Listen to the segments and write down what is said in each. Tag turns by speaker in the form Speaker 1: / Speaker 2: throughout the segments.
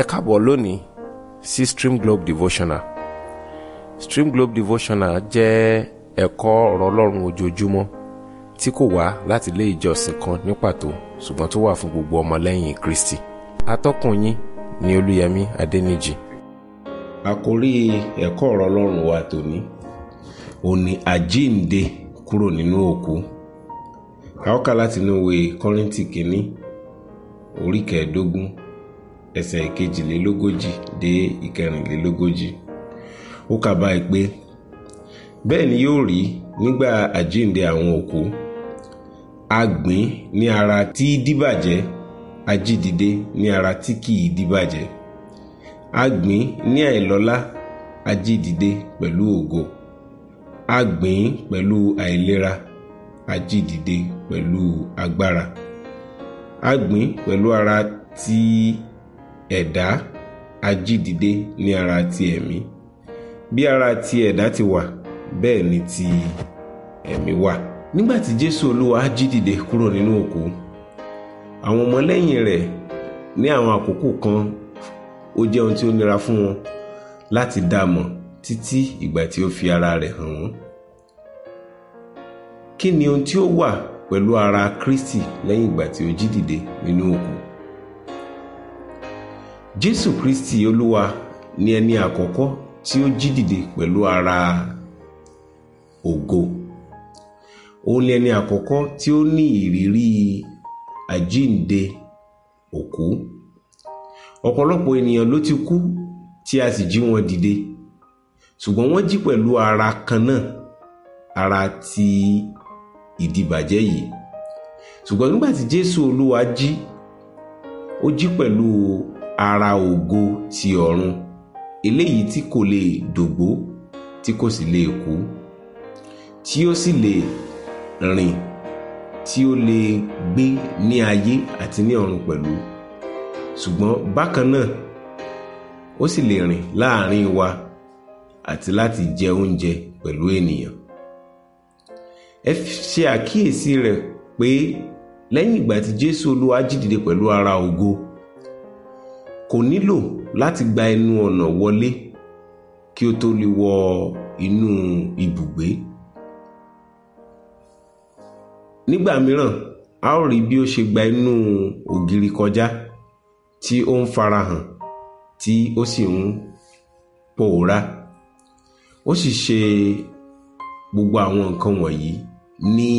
Speaker 1: ẹ káàbọ̀ lónìí sí Stream Globe Devotional Stream Globe Devotional jẹ́ ẹ̀kọ́ ọ̀rọ̀ ọlọ́run ojoojúmọ́ tí kò wá láti ilé ìjọsìn kan ní pàtó ṣùgbọ́n tó wà fún gbogbo ọmọlẹ́yìn Kristi atọ́kùn yín ni Olúyẹmí Adẹ́nìjì. àkórí ẹ̀kọ́ ọ̀rọ̀ ọlọ́run wa tòní ò ní àjíǹde kúrò nínú òkú a ó kà látinú ìwé Kọ́ríńtì kìíní orí kẹẹ̀ẹ́dógún ẹsẹ̀ ìkejìlélógójì dé ìkẹrìnlélógójì ó kà báyìí pé bẹ́ẹ̀ ni yóò rí nígbà àjíǹde àwọn òkú agbìn ní ara tí díbàjẹ́ ajídìde ní ara tí kìí díbàjẹ́ agbìn ní àìlọ́lá ajídìde pẹ̀lú ògo agbìn pẹ̀lú àìlera ajídìde pẹ̀lú agbára agbìn pẹ̀lú ara tí. Tí ẹ̀dá ajídìde ní ara ti ẹ̀mí bí ara ti ẹ̀dá ti wà bẹ́ẹ̀ ni ti ẹ̀mí wà. nígbà tí jésù olúwa ajídìde kúrò nínú òkú àwọn ọmọlẹ́yìn rẹ̀ ní àwọn àkókò kan ó jẹ́ ohun tí ó nira fún wọn láti dá mọ̀ títí ìgbà tí ó fi ara rẹ̀ hàn wọ́n. kí ni ohun tí ó wà pẹ̀lú ara kristi lẹ́yìn ìgbà tí ó jí dìde nínú òkú jésù kristi olúwa ni ẹni àkọ́kọ́ tí ó jí dìde pẹ̀lú ara ògo òun ni ẹni àkọ́kọ́ tí ó ní ìrírí àjínde òkú ọ̀pọ̀lọpọ̀ ènìyàn ló ti kú tí a sì jí wọn dìde ṣùgbọ́n wọ́n jí pẹ̀lú ara kan náà ara ti ìdìbàjẹ́ yìí ṣùgbọ́n nígbà tí jésù olúwa jí ó jí pẹ̀lú ara ògo ti ọ̀run eléyìí tí kò lè dògbó tí kò sì lè kú tí ó sì lè rìn tí ó lè gbé ní ayé àti ní ọ̀run pẹ̀lú ṣùgbọ́n bákan náà ó sì lè rìn láàrin wa àti láti jẹ oúnjẹ pẹ̀lú ènìyàn ẹ ṣe àkíyèsí rẹ̀ pé lẹ́yìn ìgbà tí Jésù Olúwa jí pẹ̀lú ara ògo kò nílò láti gba ẹnu ọ̀nà wọlé kí ó tó lè wọ inú ibùgbé nígbà mìíràn a ó rí bí ó ṣe gba inú ògiri kọjá tí ó ń farahàn tí ó sì ń pòórá ó sì ṣe gbogbo àwọn nǹkan wọ̀nyí ní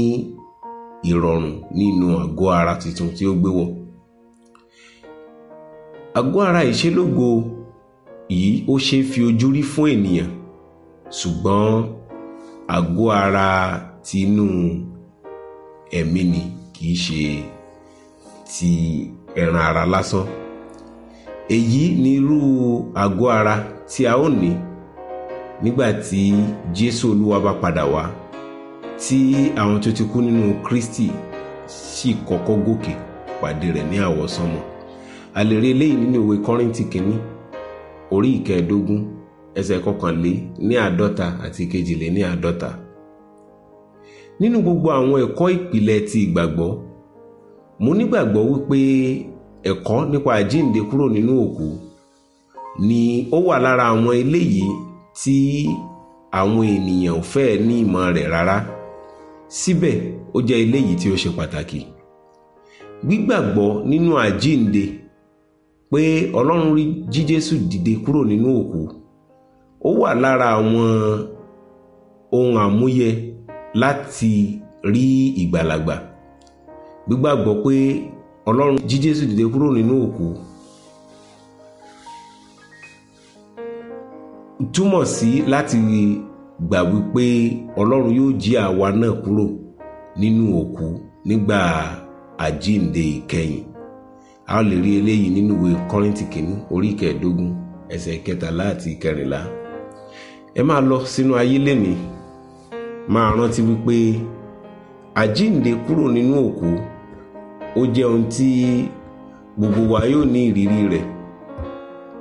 Speaker 1: ìrọ̀rùn nínú àgọ́ ara tuntun tí ó gbé wọ̀ àgọ́ ara ìṣelógo yìí ó ṣe é fi ojú rí fún ènìyàn ṣùgbọ́n àgọ́ ara tinú ẹ̀mí ni kì í ṣe ti ẹran ara lásán èyí ni irú àgọ́ ara tí a ó ní nígbà tí Jésù Olúwa bá padà wá tí àwọn tó ti kú nínú Kristi sì kọ́kọ́ gòkè pàdé rẹ̀ ní àwọsánmọ̀ a lè rí eléyìí nínú ìwé kọ́rìntì kínní orí ìkẹẹ̀ẹ́dógún ẹsẹ̀ kọkànlé ní àádọ́ta àti kejìlé ní àádọ́ta nínú gbogbo àwọn ẹ̀kọ́ ìpìlẹ̀ ti ìgbàgbọ́ mo nígbàgbọ́ wípé ẹ̀kọ́ nípa àjíǹde kúrò nínú òkú ni ó wà lára àwọn eléyìí tí àwọn ènìyàn ò fẹ́ ní ìmọ̀ rẹ̀ rárá síbẹ̀ ó jẹ́ eléyìí tí ó ṣe pàtàkì gbígbàgbọ́ nínú àjíǹde pé ọlọ́run rí jí jésù dìde kúrò nínú òkú ó wà lára àwọn ohun àmúyẹ láti rí ìgbàlagbà gbígbàgbọ́ pé ọlọ́run jí jésù dìde kúrò nínú òkú túmọ̀ sí láti gbà wípé ọlọ́run yóò jí àwa náà kúrò nínú òkú nígbà àjíǹde ìkẹyìn a ó lè rí eléyìí nínú ìwé kọ́rìntì kìíní orí kẹẹ̀ẹ́dógún ẹsẹ̀ kẹtàlá àti kẹrìnlá ẹ máa lọ sínú ayé lénìí máa rántí wípé àjíǹde kúrò nínú òkú ó jẹ́ ohun tí gbogbo wa yóò ní ìrírí rẹ̀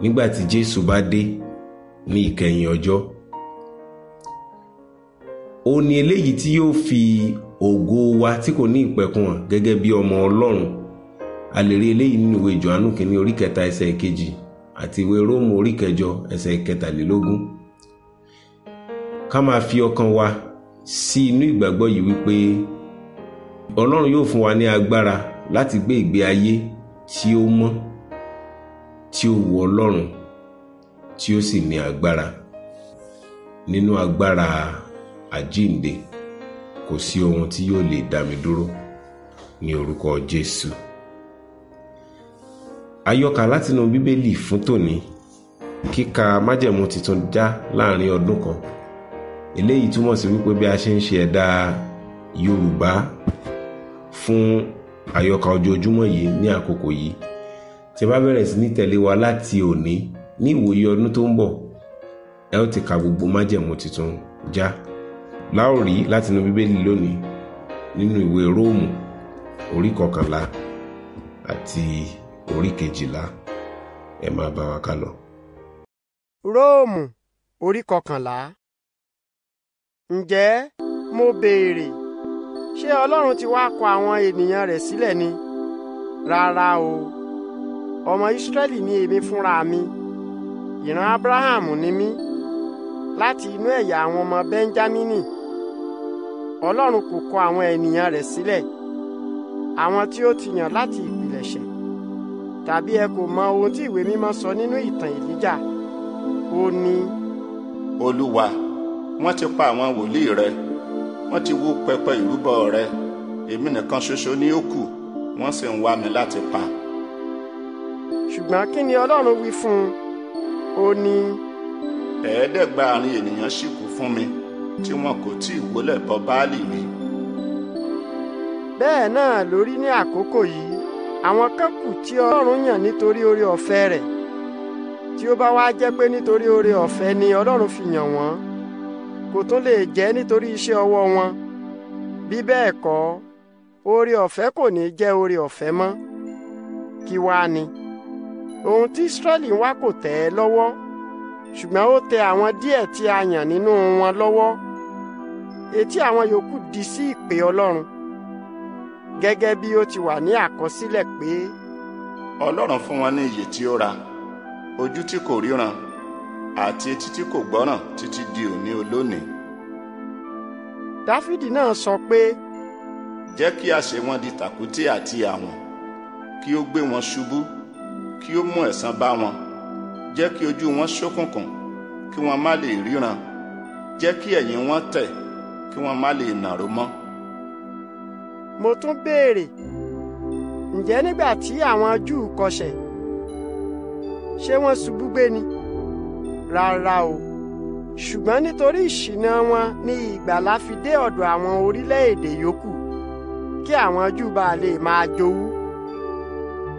Speaker 1: nígbà tí Jésù bá dé ní ìkẹyìn ọjọ́ ó eléyìí tí yóò fi ògo wa tí kò ní ìpẹ̀kun gẹ́gẹ́ bí ọmọ Ọlọ́run a lè rí eléyìí nínú ìwé Jòhánù kìíní orí kẹta ẹsẹ̀ kejì àti ìwé Róòmù orí kẹjọ ẹsẹ̀ kẹtàlélógún ká máa fi ọkàn wa sí inú ìgbàgbọ́ yìí wípé Ọlọ́run yóò fún wa ní agbára láti gbé ìgbé ayé tí ó mọ́ tí ó wù Ọlọ́run tí ó sì ní agbára nínú agbára àjíǹde kò sí ohun tí yóò lè dá mi dúró ní orúkọ Jésù àyọkà látinú bíbélì fún tòní kíka májẹ̀mú tuntun já láàrin ọdún kan eléyìí túmọ̀ sí wípé bí a ṣe ń ṣe ẹ̀dà yorùbá fún àyọkà ojoojúmọ́ yìí ní àkókò yìí tí a bá bẹ̀rẹ̀ sí ní tẹ̀lé wa láti òní ní ìwòye ọdún tó ń bọ̀ ẹ ó ti ka gbogbo májẹ̀mú tuntun já láò rí látinú bíbélì lónìí nínú ìwé róòmù orí kọkànlá àti orí kejìlá ẹ máa
Speaker 2: bá wa ká lọ. róòmù orí kọkànlá ǹjẹ́ mo béèrè ṣé ọlọ́run ti wá kọ àwọn ènìyàn rẹ̀ sílẹ̀ ni rárá o ọmọ ìsírẹ́lì ni èmi fúnra mi ìran abrahamu ni mí láti inú ẹ̀yà àwọn ọmọ bẹ́ńjámínì ọlọ́run kò kọ àwọn ènìyàn rẹ̀ sílẹ̀ àwọn tí ó ti yàn láti ìpilẹ̀ṣẹ̀ tàbí ẹ kò mọ ohun tí ìwé mímọ́ sọ nínú ìtàn Èlíjà ó ní.
Speaker 3: olúwa wọ́n ti pa àwọn wòlíì rẹ wọ́n ti wó pẹpẹ ìrúbọ rẹ èmi nìkan ṣoṣo ni ó kù wọ́n sì ń wá mi láti pa.
Speaker 2: ṣùgbọ́n kí ni ọlọ́run wí fún un ó ní.
Speaker 3: ẹ̀ẹ́dẹ́gbàárin ènìyàn sì kù fún mi tí wọn kò tí ì wólẹ̀ bọ Báálì rí.
Speaker 2: bẹ́ẹ̀ náà ló ní àkókò yìí àwọn kan kù tí ọlọ́run yàn nítorí oore ọ̀fẹ́ rẹ̀ tí ó bá wá jẹ́ pé nítorí oore ọ̀fẹ́ ni ọlọ́run fi yàn wọ́n kò tún lè jẹ́ nítorí iṣẹ́ ọwọ́ wọn bí bẹ́ẹ̀ kọ́ oore ọ̀fẹ́ kò ní jẹ́ oore ọ̀fẹ́ mọ́ kí wá ni ohun tí Ísírẹ́lì ń wá kò tẹ̀ ẹ́ lọ́wọ́ ṣùgbọ́n ó tẹ àwọn díẹ̀ tí a yàn nínú wọn lọ́wọ́ etí àwọn yòókù di sí ìpè ọlọ́run gẹ́gẹ́ bí ó ti wà ní àkọsílẹ̀ pé.
Speaker 3: ọlọ́run fún wọn ní ìyè tí ó ra ojú tí kò ríran àti etí tí kò gbọ́ràn títí di òní olónìí.
Speaker 2: dáfídì náà sọ pé.
Speaker 3: jẹ́ kí a ṣe wọn di tàkúté àti àwọn kí ó gbé wọn ṣubú kí ó mú ẹ̀san bá wọn jẹ́ kí ojú wọn ṣókùnkùn kí wọ́n má lè ríran jẹ́ kí ẹ̀yìn wọn tẹ̀ kí wọ́n má lè nàró mọ́
Speaker 2: mo tún béèrè ǹjẹ́ nígbà tí àwọn Júù kọsẹ̀ ṣé wọ́n ṣubú gbé ni rárá o ṣùgbọ́n nítorí ìṣìnà wọn ni ìgbàlà fi dé ọ̀dọ̀ àwọn orílẹ̀-èdè yòókù kí àwọn Júù bá lè máa jowú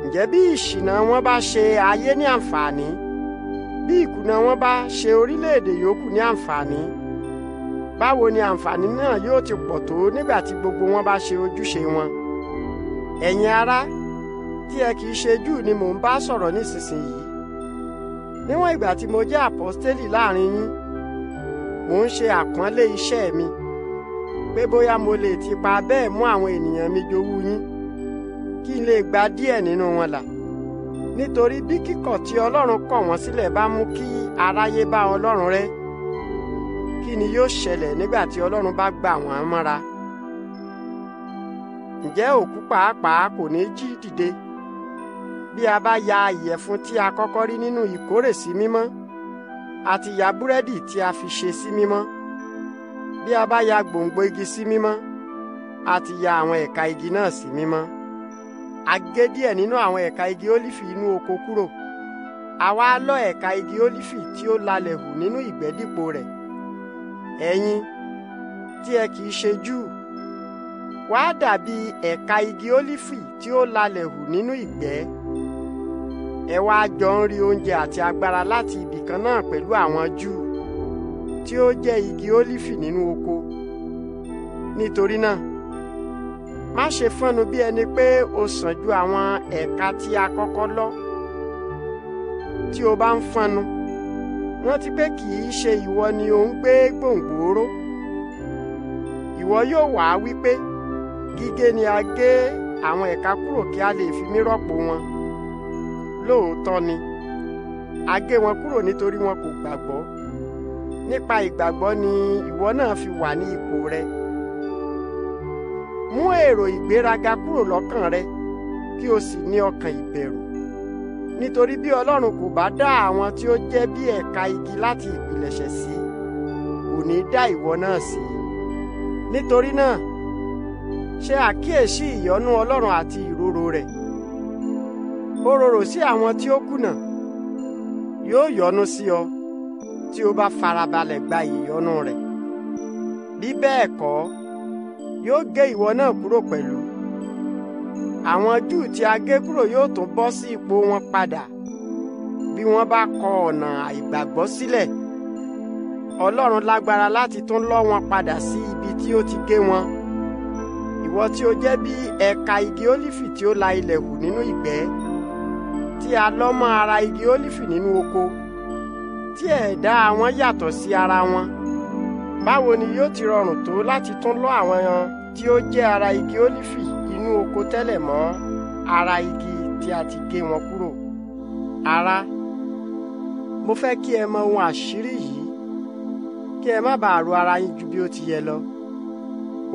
Speaker 2: ǹjẹ́ bí ìṣìnà wọn bá ṣe ayé ní àǹfààní bí ìkùnà wọn bá ṣe orílẹ̀-èdè yòókù ní àǹfààní báwo ni àǹfààní náà yóò ti pọ̀ tó nígbà tí gbogbo wọn bá ṣe ojúṣe wọn ẹ̀yin ará tí ẹ kì í ṣe Júù ni mò ń bá sọ̀rọ̀ nísinsìnyí níwọ̀n ìgbà tí mo jẹ́ àpọ́stélì láàrin yín mò ń ṣe àpọ́nlé iṣẹ́ mi pé bóyá mo lè ti pa bẹ́ẹ̀ mú àwọn ènìyàn mi jowú yín kí n lè gba díẹ̀ nínú wọn là nítorí bí kíkọ̀ tí Ọlọ́run kọ̀ wọ́n sílẹ̀ bá mú kí aráyé bá Ọlọ́run rẹ́ kí ni yóò ṣẹlẹ̀ nígbà tí Ọlọ́run bá gbà wọ́n mọ́ra? Ǹjẹ́ òkú pàápàá kò ní jí dìde? Bí a bá ya ìyẹ̀fun tí a kọ́kọ́ rí nínú ìkórè sí mímọ́, àti ya búrẹ́dì tí a fi ṣe sí mímọ́. Bí a bá ya gbòǹgbò igi sí mímọ́, àti ya àwọn ẹ̀ka igi náà sí mímọ́. A gé díẹ̀ nínú àwọn ẹ̀ka igi ólífì inú oko kúrò. Àwa lọ́ ẹ̀ka igi ólífì tí ó lalẹ̀ hù nínú ìgbẹ́ rẹ̀ ẹ̀yin tí ẹ kìí ṣe Júù wá dàbí ẹ̀ka igi ólífì tí ó lalẹ̀ hù nínú ìgbẹ́ ẹ wá jọ ń rí oúnjẹ àti agbára láti ibì kan náà pẹ̀lú àwọn Júù tí ó jẹ́ igi ólífì nínú oko nítorí náà má ṣe fọ́nnu bí ẹni pé o sàn ju àwọn ẹ̀ka tí a kọ́kọ́ lọ tí o bá ń fọ́nnu rántí pé kì í ṣe ìwọ ni ò ń gbé gbòǹgbòrò ìwọ yóò wá wípé gígé ni a gé àwọn ẹ̀ka kúrò kí a lè fi mí rọ́pò wọn lóòótọ́ ni a gé wọn kúrò nítorí wọn kò gbàgbọ́ nípa ìgbàgbọ́ ni ìwọ náà fi wà ní ipò rẹ mú èrò ìgbéraga kúrò lọ́kàn rẹ kí o sì ní ọkàn ìbẹ̀rù nítorí bí ọlọ́run kò bá dá àwọn tí ó jẹ́ bí ẹ̀ka igi láti ìpilẹ̀ṣẹ̀ sí kò ní dá ìwọ náà sí nítorí náà ṣe àkíyèsí ìyọ́nú ọlọ́run àti ìrorò rẹ̀ ó rorò sí àwọn tí ó kùnà yóò yọ́nú sí ọ tí o bá farabalẹ̀ gba ìyọ́nú rẹ̀ bí bẹ́ẹ̀ kọ́ yóò gé ìwọ náà kúrò pẹ̀lú àwọn Júù tí a gé kúrò yóò tún bọ́ sí ipò wọn padà bí wọ́n bá kọ ọ̀nà àìgbàgbọ́ sílẹ̀ Ọlọ́run lágbára láti tún lọ́ wọn padà sí ibi tí ó ti gé wọn ìwọ tí ó jẹ́ bí ẹ̀ka igi ólífì tí ó la ilẹ̀ hù nínú ìgbẹ́ tí a lọ́ mọ́ ara igi ólífì nínú oko tí ẹ̀dá wọn yàtọ̀ sí ara wọn báwo ni yóò ti rọrùn tó láti tún lọ́ àwọn tí ó jẹ́ ara igi ólífì inú oko tẹ́lẹ̀ mọ́ ara igi tí a ti gé wọn kúrò ará mo fẹ́ kí ẹ mọ ohun àṣírí yìí kí ẹ má bàa ro ara yín ju bí ó ti yẹ lọ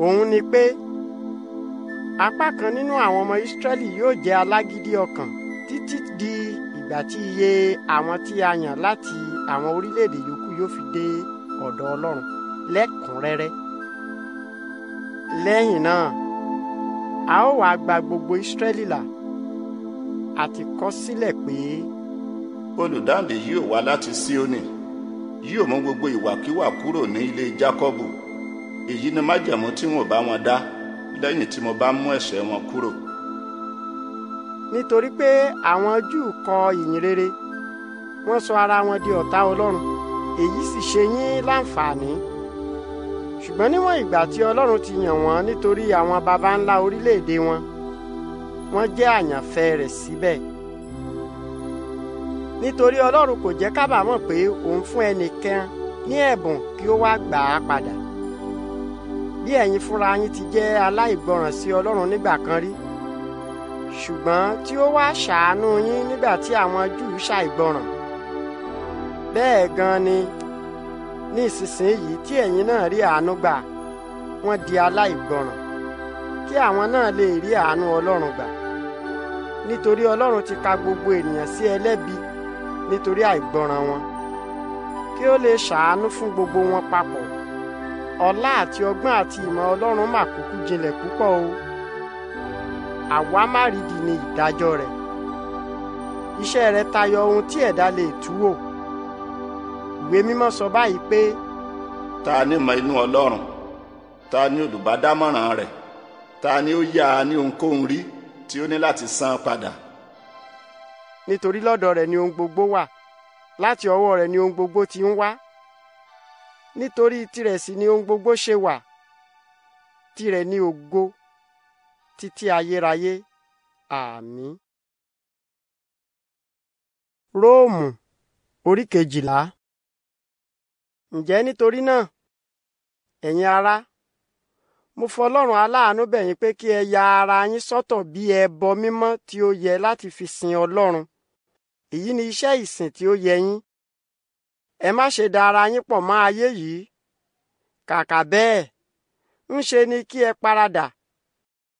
Speaker 2: òun ni pé apá kan nínú àwọn ọmọ Ísírẹ́lì yóò jẹ́ alágídí ọkàn títí di ìgbà tí iye àwọn tí a yàn láti àwọn orílẹ̀-èdè yòókù yóò fi dé ọ̀dọ̀ Ọlọ́run lẹ́kùnrẹ́rẹ́ lẹ́yìn náà a ó wàá gba gbogbo Ísírẹ́lì là àti kọ sílẹ̀ pé.
Speaker 3: olùdáǹdè yóò wá láti Síónì yóò mú gbogbo ìwàkiwà kúrò ní ilé Jákọ́bù èyí ni májẹ̀mú tí wọn bá wọn dá lẹ́yìn tí mo bá mú ẹ̀ṣẹ̀ wọn kúrò.
Speaker 2: nítorí pé àwọn Júù kọ ìyìn rere sọ ara wọn di ọ̀tá Ọlọ́run èyí sì ṣe yín láǹfààní ṣùgbọ́n níwọ̀n ìgbà tí Ọlọ́run ti yàn wọ́n nítorí àwọn baba ńlá orílẹ̀-èdè wọn wọ́n jẹ́ àyànfẹ́ rẹ̀ síbẹ̀ nítorí Ọlọ́run kò jẹ́ kábàámọ̀ pé òun fún ẹnìkan ní ẹ̀bùn kí ó wá gbà á padà bí ẹ̀yin fúnra yín ti jẹ́ aláìgbọràn sí Ọlọ́run nígbà kan rí ṣùgbọ́n tí ó wá ṣàánú yín nígbà tí àwọn Júù ṣàìgbọràn bẹ́ẹ̀ gan ni ní ìsinsìnyí tí ẹ̀yin náà rí àánú gbà wọ́n di aláìgbọràn kí àwọn náà lè rí àánú Ọlọ́run gbà nítorí Ọlọ́run ti ka gbogbo ènìyàn sí ẹlẹ́bi nítorí àìgbọràn wọn kí ó lè ṣàánú fún gbogbo wọn papọ̀ ọlá àti ọgbọ́n àti ìmọ̀ Ọlọ́run mà kúkú jinlẹ̀ púpọ̀ o àwámárìdì ni ìdájọ́ rẹ̀ iṣẹ́ rẹ̀ tayọ ohun tí ẹ̀dá lè tú ìwé mímọ́ sọ báyìí pé.
Speaker 3: ta ni mọ inú ọlọ́run ta ni olùbádámọ̀ràn rẹ̀ ta ni ó yá a ní ohunkóhun rí tí ó ní láti san padà.
Speaker 2: nítorí lọ́dọ̀ rẹ̀ ni ohun gbogbo wà láti ọwọ́ rẹ̀ ni ohun gbogbo ti ń wá nítorí tirẹ̀ sì ni ohun gbogbo ṣe wà tirẹ̀ ni ògo títí ayérayé àmín. róòmù orí kejìlá. ǹjẹ́ nítorí náà ẹ̀yin ara, mo fọ ọlọ́run aláàánú bẹ̀ yín pé kí ẹ ya ara yín sọ́tọ̀ bí ẹbọ mímọ́ tí ó yẹ láti fi sin ọlọ́run èyí ni iṣẹ́ ìsìn tí ó yẹ yín ẹ má ṣe da ara yín pọ̀ mọ́ ayé yìí kàkà bẹ́ẹ̀ ṣe ni kí ẹ paradà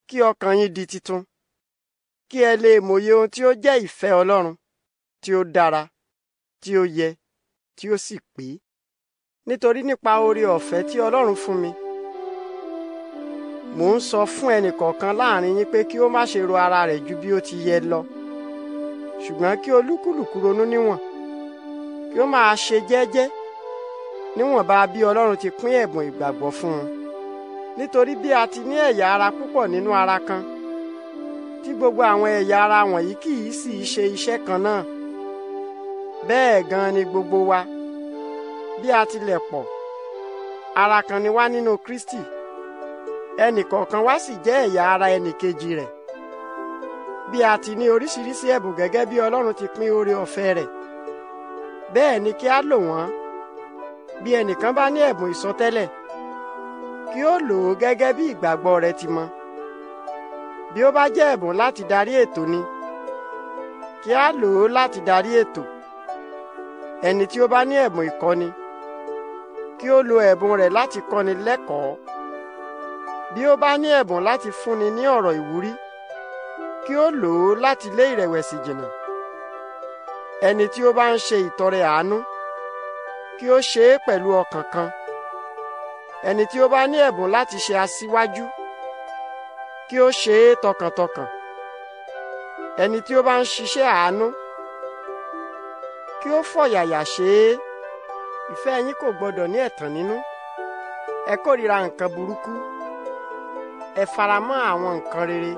Speaker 2: kí ọkàn yín di tuntun kí ẹ lè mòye ohun tí ó jẹ́ ìfẹ́ ọlọ́run tí ó dára tí ó yẹ tí ó sì pé nítorí nípa oore ọ̀fẹ́ tí Ọlọ́run fún mi mò ń sọ fún ẹnìkọ̀ọ̀kan láàrin yín pé kí ó má ṣe ro ara rẹ̀ ju bí ó ti yẹ lọ ṣùgbọ́n kí olúkúlùkù ronú níwọ̀n kí ó máa ṣe jẹ́jẹ́ níwọ̀nba bí Ọlọ́run ti pín ẹ̀bùn ìgbàgbọ́ fún un nítorí bí a ti ní ẹ̀yà ara púpọ̀ nínú ara kan tí gbogbo àwọn ẹ̀yà ara wọ̀nyí kì í sì ṣe iṣẹ́ kan náà bẹ́ẹ̀ gan ni gbogbo wa bí a tilẹ̀ pọ̀ ara kan ni wá nínú Kristi ẹnìkọ̀ọ̀kan wa sì jẹ́ ẹ̀yà ara ẹnìkejì rẹ̀ bí a ti ní oríṣiríṣi ẹ̀bùn gẹ́gẹ́ bí Ọlọ́run ti pín oore ọ̀fẹ́ rẹ̀ bẹ́ẹ̀ ni kí a lò wọ́n bí ẹnìkan bá ní ẹ̀bùn ìsọtẹ́lẹ̀ kí ó lò ó gẹ́gẹ́ bí ìgbàgbọ́ rẹ̀ ti mọ bí ó bá jẹ́ ẹ̀bùn láti darí ètò ni kí a lò ó láti darí ètò ẹni tí ó bá ní ẹ̀bùn ìkọ́ni kí ó lo ẹ̀bùn rẹ̀ láti kọ́ni lẹ́kọ̀ọ́ bí ó bá ní ẹ̀bùn láti fúnni ní ọ̀rọ̀ ìwúrí kí ó lò ó láti lé ìrẹ̀wẹ̀sì jìnnà ẹni tí ó bá ń ṣe ìtọrẹ àánú kí ó ṣe é pẹ̀lú ọkàn kan ẹni tí ó bá ní ẹ̀bùn láti ṣe aṣíwájú kí ó ṣe é tọkàntọkàn ẹni tí ó bá ń ṣiṣẹ́ àánú kí ó fọ̀yàyà ṣe é. ìfẹ́ yín kò gbọdọ̀ ní ẹ̀tàn nínú ẹ kórìíra nǹkan burúkú ẹ faramọ́ àwọn nǹkan rere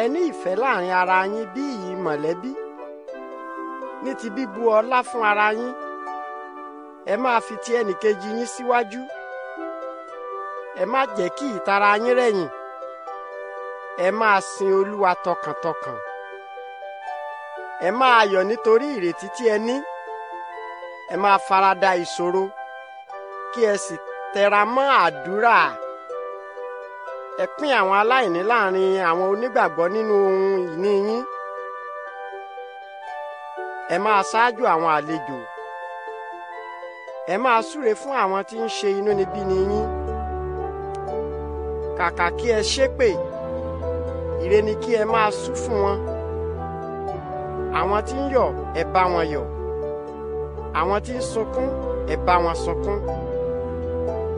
Speaker 2: ẹ ní ìfẹ́ láàrin ara yín bí ìyí mọ̀lẹ́bí ní ti bíbu ọlá fún ara yín ẹ máa fi ti ẹnìkejì yín síwájú ẹ má jẹ́ kí ìtara yín rẹ̀yìn ẹ máa sin Olúwa tọkàntọkàn ẹ máa yọ̀ nítorí ìrètí tí ẹ ní. ẹ máa farada ìṣòro kí ẹ sì tẹra mọ́ àdúrà ẹ pín àwọn aláìní láàrin àwọn onígbàgbọ́ nínú ohun ìní yín ẹ máa ṣáájú àwọn àlejò ẹ máa súre fún àwọn tí ń ṣe inúnibíni yín kàkà kí ẹ ṣépè ire kí ẹ máa sú fún wọn àwọn tí ń yọ̀ ẹ bá wọn yọ̀ àwọn tí ń sunkún ẹ bá wọn sunkún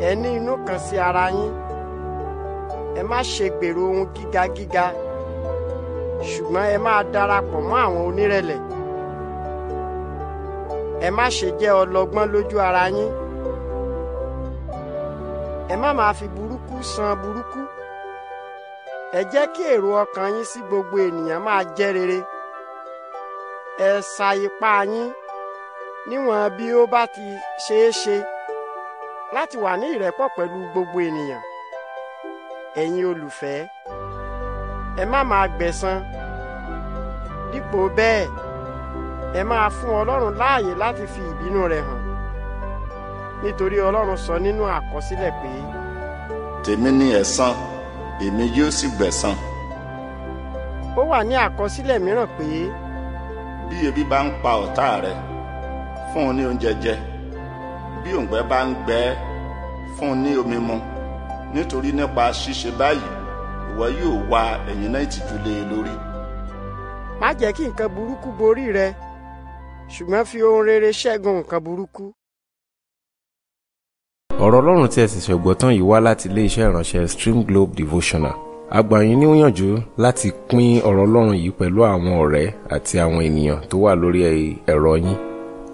Speaker 2: ẹ ní inú kan sí ara yín ẹ má ṣe gbèrò ohun gíga gíga ṣùgbọ́n ẹ máa darapọ̀ mọ́ àwọn onírẹ̀lẹ̀ ẹ má ṣe jẹ́ ọlọ́gbọ́n lójú ara yín ẹ má máa fi burúkú san burúkú ẹ jẹ́ kí èrò ọkàn yín sí gbogbo ènìyàn máa jẹ́ rere ẹ sa ipá yín níwọ̀n bí ó bá ti ṣeé ṣe láti wà ní ìrẹ́pọ̀ pẹ̀lú gbogbo ènìyàn ẹ̀yin olùfẹ́ ẹ má máa gbẹ̀san dípò bẹ́ẹ̀ ẹ máa fún Ọlọ́run láàyè láti fi ìbínú rẹ̀ hàn nítorí Ọlọ́run sọ nínú àkọsílẹ̀ pé.
Speaker 3: tèmi ni ẹ̀san èmi yóò sì gbẹ̀san.
Speaker 2: ó wà ní àkọsílẹ̀ mìíràn pé.
Speaker 3: bí ebi bá ń pa ọ̀tá rẹ̀ fún un ní oúnjẹ jẹ bí òǹgbẹ bá ń gbẹ fún un ní omi mu nítorí nípa ṣíṣe báyìí ìwọ yóò wa ẹ̀yìn náà ìtìjú lé e lórí.
Speaker 2: má jẹ́ kí nǹkan burúkú borí rẹ ṣùgbọ́n fi ohun rere ṣẹ́gun nǹkan burúkú.
Speaker 1: ọ̀rọ̀ ọlọ́run tí ẹ sì ṣẹ̀gbọ́ tán yìí wá láti iléeṣẹ́ ìránṣẹ́ Stream Globe Devotional a gbà yín níyànjú láti pín ọ̀rọ̀ ọlọ́run yìí pẹ̀lú àwọn ọ̀rẹ́ àti àwọn ènìyàn tó wà lórí ẹ̀rọ yín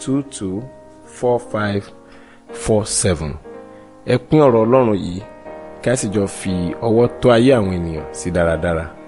Speaker 1: 22 45 47. ẹ pín ọ̀rọ̀ ọlọ́run yìí ká sì jọ fi ọwọ́ tó ayé àwọn ènìyàn sí dáradára.